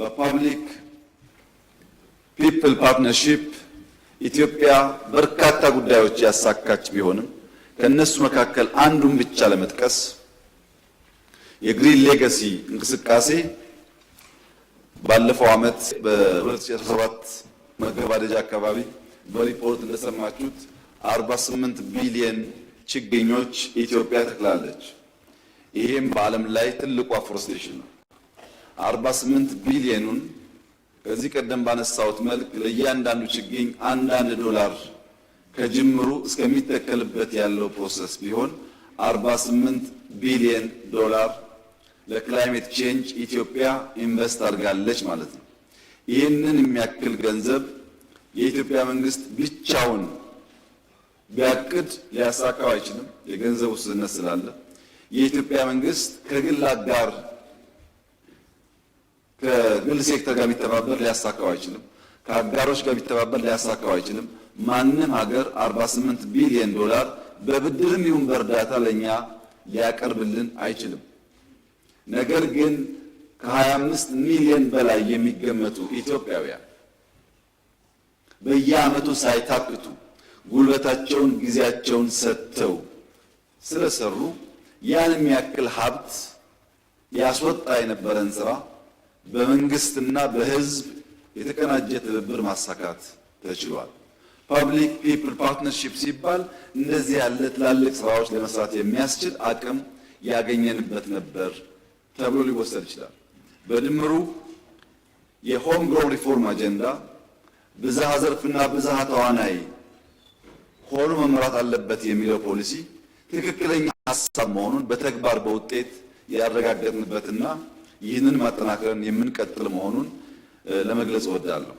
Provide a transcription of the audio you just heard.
በፐብሊክ ፒፕል ፓርትነርሺፕ ኢትዮጵያ በርካታ ጉዳዮች ያሳካች ቢሆንም ከእነሱ መካከል አንዱን ብቻ ለመጥቀስ የግሪን ሌጋሲ እንቅስቃሴ ባለፈው ዓመት በ2017 መገባደጃ አካባቢ በሪፖርት እንደሰማችሁት 48 ቢሊየን ችግኞች ኢትዮጵያ ተክላለች። ይህም በዓለም ላይ ትልቁ አፎረስቴሽን ነው። 48 ቢሊዮኑን ከዚህ ቀደም ባነሳሁት መልክ ለእያንዳንዱ ችግኝ አንዳንድ ዶላር ከጅምሩ እስከሚተከልበት ያለው ፕሮሰስ ቢሆን 48 ቢሊዮን ዶላር ለክላይሜት ቼንጅ ኢትዮጵያ ኢንቨስት አድርጋለች ማለት ነው። ይህንን የሚያክል ገንዘብ የኢትዮጵያ መንግስት ብቻውን ቢያቅድ ሊያሳካው አይችልም፣ የገንዘብ ውስንነት ስላለ የኢትዮጵያ መንግስት ከግል አጋር ከግል ሴክተር ጋር ቢተባበር ሊያሳካው አይችልም። ከአጋሮች ጋር ቢተባበር ሊያሳካው አይችልም። ማንም ሀገር 48 ቢሊዮን ዶላር በብድርም ይሁን በእርዳታ ለእኛ ሊያቀርብልን አይችልም። ነገር ግን ከ25 ሚሊዮን በላይ የሚገመቱ ኢትዮጵያውያን በየዓመቱ ሳይታክቱ ጉልበታቸውን፣ ጊዜያቸውን ሰጥተው ስለሰሩ ያን የሚያክል ሀብት ያስወጣ የነበረን ስራ በመንግስትና በህዝብ የተቀናጀ ትብብር ማሳካት ተችሏል። ፐብሊክ ፒፕል ፓርትነርሺፕ ሲባል እንደዚህ ያለ ትላልቅ ስራዎች ለመስራት የሚያስችል አቅም ያገኘንበት ነበር ተብሎ ሊወሰድ ይችላል። በድምሩ የሆም ግሮን ሪፎርም አጀንዳ ብዝሃ ዘርፍና ብዝሃ ተዋናይ ሆኖ መምራት አለበት የሚለው ፖሊሲ ትክክለኛ ሀሳብ መሆኑን በተግባር በውጤት ያረጋገጥንበትና ይህንን ማጠናከርን የምንቀጥል መሆኑን ለመግለጽ እወዳለሁ።